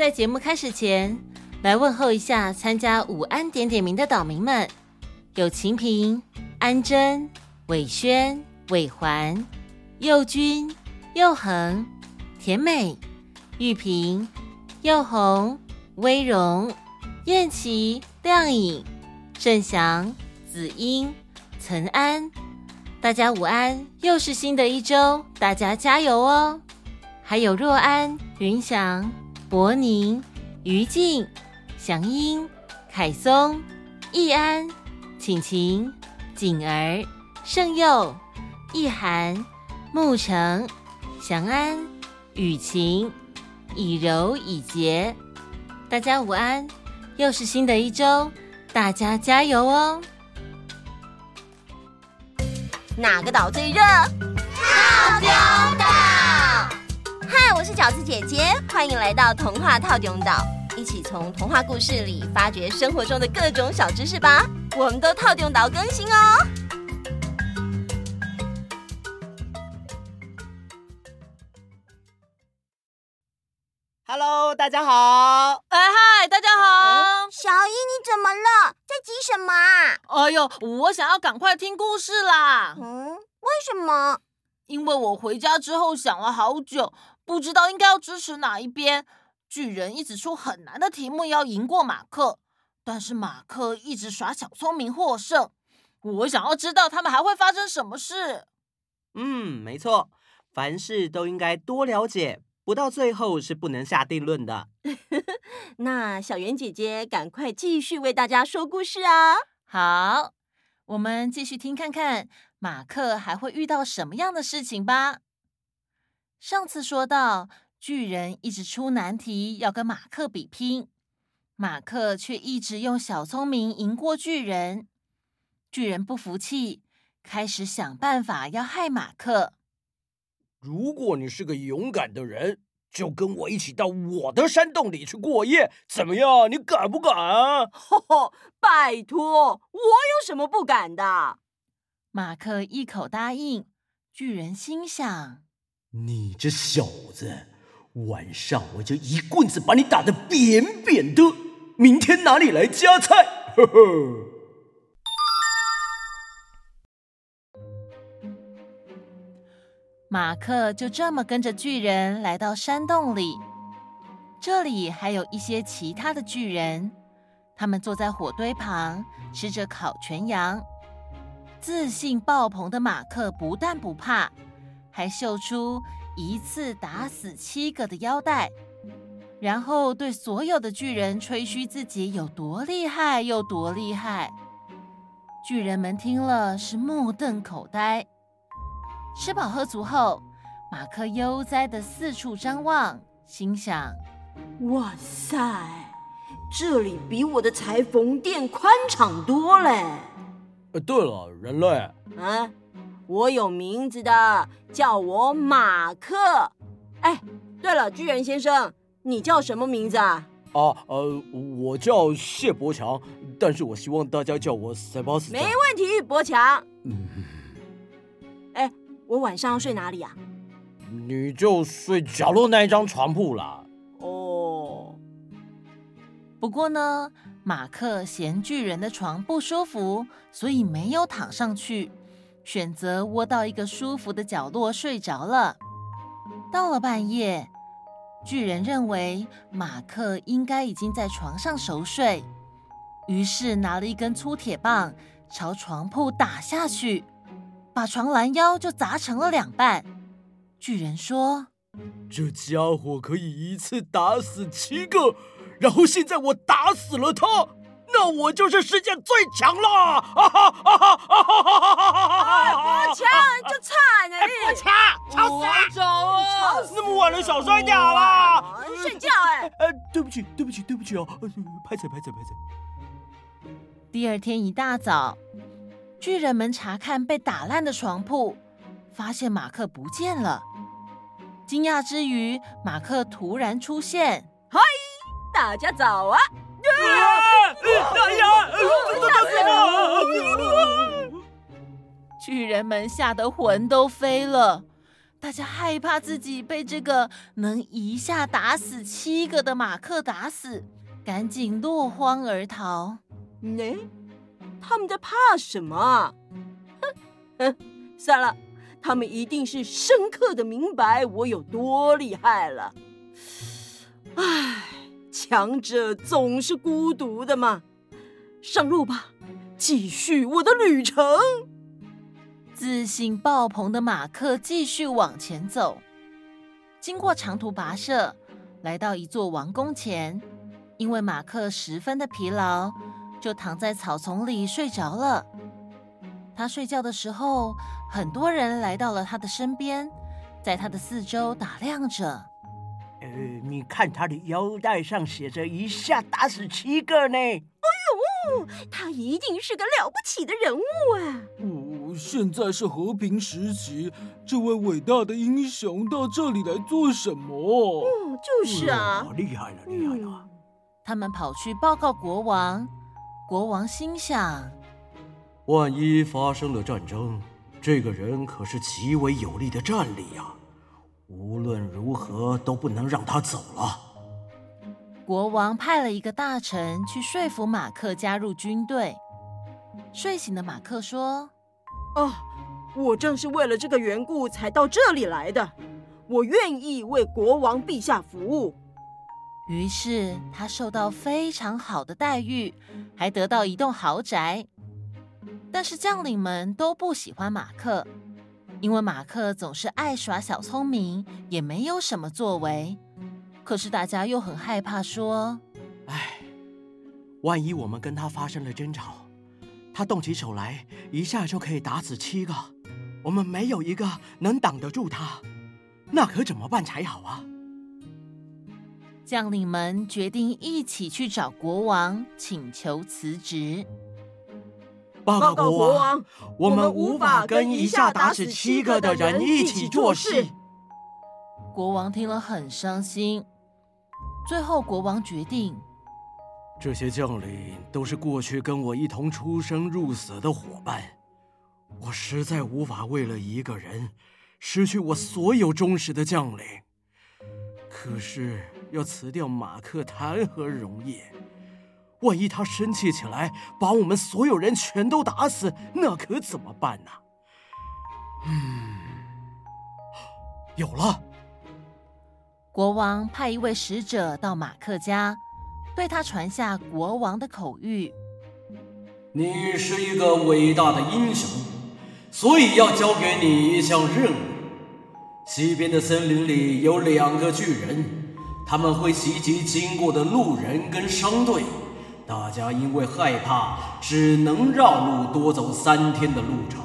在節目開始前，來問候一下參加午安點點名的島民們：有晴平、安珍、偉軒、偉環、佑君、佑恆、甜美、玉平、佑紅、威容、燕琪、亮影、盛祥、紫英、岑安。大家午安，又是新的一周，大家加油哦！還有若安、雲翔。柏寧、於靜、祥英、凱松、易安、晴晴、景兒、盛佑、易涵、沐橙、祥安、雨晴、以柔以潔，大家午安，又是新的一週，大家加油哦！哪個島最熱？好江。小子姐姐，歡迎來到童話套丁島，一起從童話故事裡發掘生活中的各種小知識吧！我們都套丁島更新哦。Hello，大家好！哎嗨，Hi, 大家好！哦、小伊，你怎麼了？在急什麼啊？哎呦，我想要趕快聽故事啦！嗯，為什麼？因為我回家之後想了好久。不知道應該要支持哪一邊。巨人一直出很難的題目要贏過馬克，但是馬克一直耍小聰明獲勝。我想要知道他們還會發生什麼事。嗯，沒錯，凡事都應該多了解，不到最後是不能下定論的。 那小圓姐姐趕快繼續為大家說故事啊！好，我們繼續聽看看馬克還會遇到什麼樣的事情吧。上次說到，巨人一直出難題要跟馬克比拼，馬克卻一直用小聰明贏過巨人。巨人不服氣，開始想辦法要害馬克。如果你是個勇敢的人，就跟我一起到我的山洞裡去過夜，怎麼樣？你敢不敢？哈哈，拜托，我有什麼不敢的？馬克一口答應，巨人心想。你這小子，晚上我就一棍子把你打得扁扁的，明天哪裡來加菜？呵呵。馬克就這麼跟着巨人來到山洞裡，這裡還有一些其他的巨人，他們坐在火堆旁，吃着烤全羊。自信爆棚的馬克不但不怕，還秀出一次打死七個的腰帶，然後對所有的巨人吹噓自己有多厲害有多厲害。巨人們聽了是目瞪口呆。吃飽喝足後，馬克悠哉的四處張望，心想：“哇塞，這裡比我的裁縫店寬敞多了。”哎，對了，人類，啊？我有名字的，叫我馬克。哎，對了，巨人先生，你叫什麼名字啊？哦、啊，呃，我叫謝伯強，但是我希望大家叫我塞巴斯。沒問題，伯強。嗯。哎，我晚上要睡哪裡啊？你就睡角落那一張床鋪啦。哦。不過呢，馬克嫌巨人的床不舒服，所以沒有躺上去。選擇窩到一個舒服的角落睡着了。到了半夜，巨人認為馬克應該已經在床上熟睡，於是拿了一根粗鐵棒朝床鋪打下去，把床攔腰就砸成了兩半。巨人說：“這家伙可以一次打死七個，然後現在我打死了他，那我就是世界最強了！”啊哈啊哈。啊啊！早啊！這麼晚了，少摔掉好啦，睡覺哎。呃，對不起，對不起，對不起哦。拍子，拍子，拍子。第二天一大早，巨人們查看被打爛的床鋪，發現馬克不見了。驚訝之餘，馬克突然出現。嗨，大家早啊！哎呀，哎呀，嚇死了！巨人們嚇得魂都飛了。大家害怕自己被這個能一下打死七個的馬克打死，趕緊落荒而逃。嗯、哎，他們在怕什麼啊？哼哼、哎，算了，他們一定是深刻的明白我有多厲害了。唉，強者總是孤獨的嘛。上路吧，繼續我的旅程。自信爆棚的馬克繼續往前走，經過長途跋涉，來到一座王宮前。因為馬克十分的疲勞，就躺在草叢裡睡着了。他睡覺的時候，很多人來到了他的身邊，在他的四周打量着。呃，你看他的腰帶上寫着“一下打死七個”呢。哎、哦、呦哦，他一定是個了不起的人物啊！嗯。現在是和平時期，這位偉大的英雄到這裡來做什麼？嗯，就是啊，厲害了厲害了！害了嗯，他們跑去報告國王，國王心想：萬一發生了戰爭，這個人可是極為有力的戰力呀，啊，無論如何都不能讓他走了。國王派了一個大臣去說服馬克加入軍隊。睡醒的馬克說。哦，我正是為了這個緣故才到這裡來的。我願意為國王陛下服務。於是他受到非常好的待遇，還得到一棟豪宅。但是將領們都不喜歡馬克，因為馬克總是愛耍小聰明，也沒有什麼作為。可是大家又很害怕，說：“哎，萬一我們跟他發生了爭吵。”他動起手來，一下就可以打死七個，我們沒有一個能擋得住他，那可怎麼辦才好啊？將領們決定一起去找國王請求辭職。報告國王，我們無法跟一下打死七個的人一起做事。國王，做事國王聽了很傷心，最後國王決定。這些將領都是過去跟我一同出生入死的夥伴，我實在無法為了一個人失去我所有忠實的將領。可是要辭掉馬克談何容易？萬一他生氣起來，把我們所有人全都打死，那可怎麼辦呢？啊？嗯，有了。國王派一位使者到馬克家。為他傳下國王的口諭。你是一個偉大的英雄，所以要交給你一項任務。西邊的森林裡有兩個巨人，他們會襲擊經過的路人跟商隊。大家因為害怕，只能繞路多走三天的路程。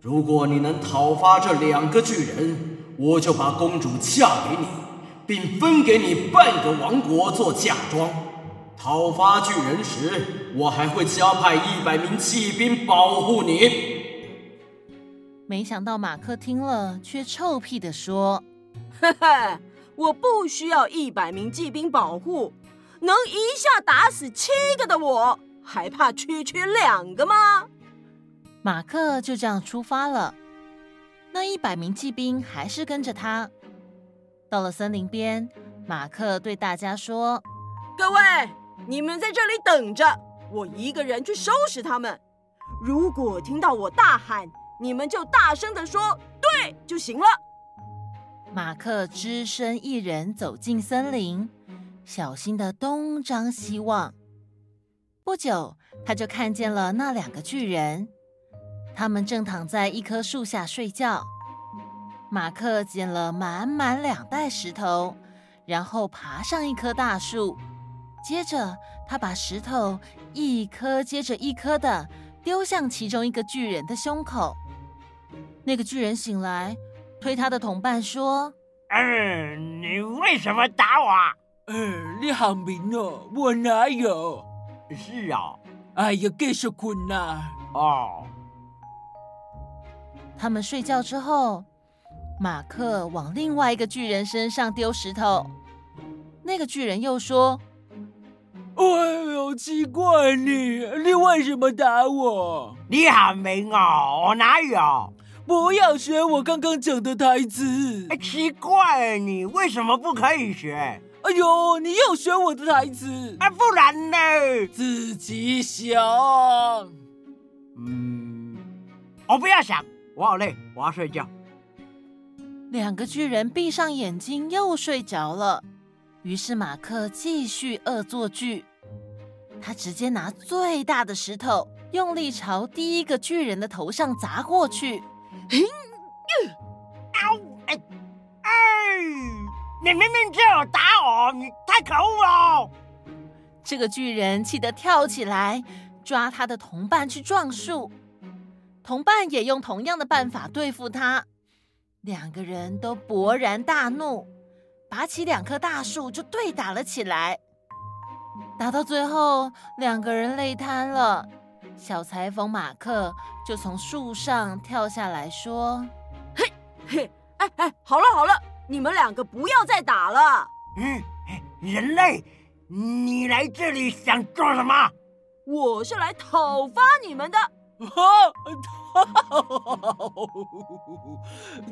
如果你能討伐這兩個巨人，我就把公主嫁給你。並分給你半個王國做嫁妝。討伐巨人時，我還會加派一百名騎兵保護你。沒想到馬克聽了，卻臭屁的說：“嘿嘿，我不需要一百名騎兵保護，能一下打死七個的我，我還怕區區兩個嗎？”馬克就這樣出發了，那一百名騎兵還是跟着他。到了森林邊，馬克對大家說：“各位，你們在這裡等着，我一個人去收拾他們。如果聽到我大喊，你們就大聲的說‘對’就行了。”馬克只身一人走進森林，小心的東張西望。不久，他就看見了那兩個巨人，他們正躺在一棵樹下睡覺。馬克撿了滿滿兩袋石頭，然後爬上一棵大樹。接着，他把石頭一顆接着一顆的丟向其中一個巨人的胸口。那個巨人醒來，推他的同伴說：“嗯、呃，你為什麼打我？”“嗯、呃，你好明哦，我哪有？”“是啊，哎呀，繼續困難啊！”啊哦、他們睡覺之後。馬克往另外一個巨人身上丟石頭，那個巨人又說：“哎呦，奇怪你，你你為什麼打我？你好沒腦、哦，我哪有？不要學我剛剛講的台詞！哎、奇怪你，你為什麼不可以學？哎呦，你又學我的台詞。哎，不然呢？自己想。嗯，我不要想，我好累，我要睡覺。”兩個巨人閉上眼睛，又睡着了。於是馬克繼續惡作劇，他直接拿最大的石頭，用力朝第一個巨人的頭上砸過去。哎，哎，哎，你明明就要打我，你太可惡了！這個巨人氣得跳起來，抓他的同伴去撞樹。同伴也用同樣的辦法對付他。兩個人都勃然大怒，拔起兩棵大樹就對打了起來。打到最後，兩個人累癱了。小裁縫馬克就從樹上跳下來說：“嘿，嘿，哎哎，好了好了，你們兩個不要再打了。嗯，人類，你來這裡想做什麼？我是來討伐你們的。”哈，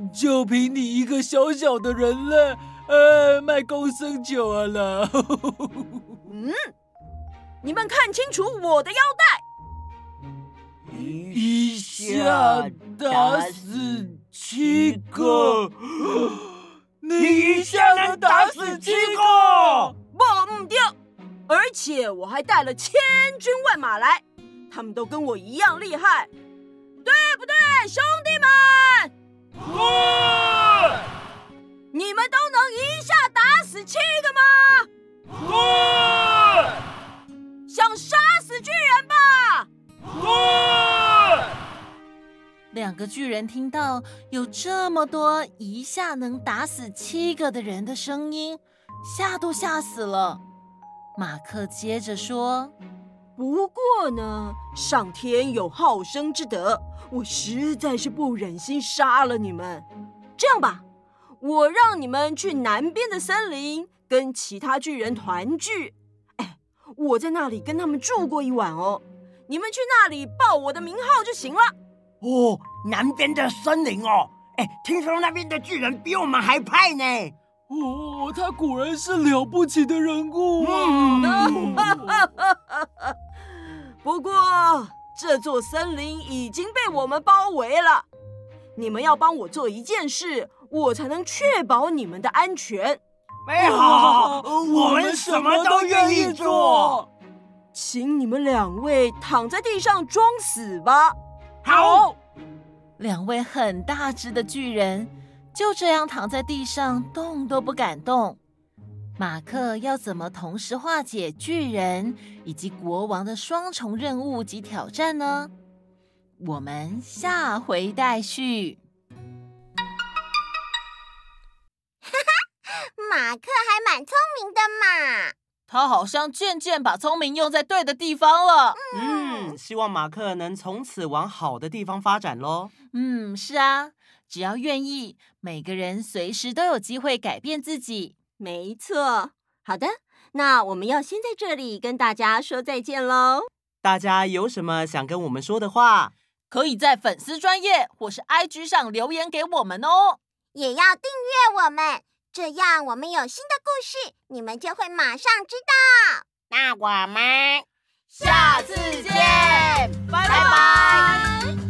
就憑你一個小小的人類，呃，賣高升酒啊了？ 嗯，你們看清楚我的腰帶，一下打死七個，你一下能打死七個？沒錯，而且我還帶了千軍萬馬來。他們都跟我一樣厲害，對不對，兄弟們？對。你們都能一下打死七個嗎？對。想殺死巨人吧？對。兩個巨人聽到有這麼多一下能打死七個的人的聲音，嚇都嚇死了。馬克接着說。不過呢，上天有好生之德，我實在是不忍心殺了你們。這樣吧，我讓你們去南邊的森林跟其他巨人團聚。哎，我在那裡跟他們住過一晚哦。你們去那裡報我的名號就行了。哦，南邊的森林哦，哎，聽說那邊的巨人比我們還派呢。哦，他果然是了不起的人物，啊嗯啊哈哈。不過，這座森林已經被我們包圍了，你們要幫我做一件事，我才能確保你們的安全。美好，我們什麼都願意做。請你們兩位躺在地上裝死吧。好，哦，兩位很大只的巨人。就這樣躺在地上，動都不敢動。馬克要怎麼同時化解巨人以及國王的雙重任務及挑戰呢？我們下回待續。哈哈，馬克還蠻聰明的嘛。他好像漸漸把聰明用在對的地方了。嗯，嗯，希望馬克能從此往好的地方發展咯。嗯，是啊。只要願意，每個人隨時都有機會改變自己。沒錯，好的，那我們要先在這裡跟大家說再見嘍。大家有什麼想跟我們說的話，可以在粉絲專頁或是 IG 上留言給我們哦。也要訂閱我們，這樣我們有新的故事，你們就會馬上知道。那我們下次見，拜拜。拜拜。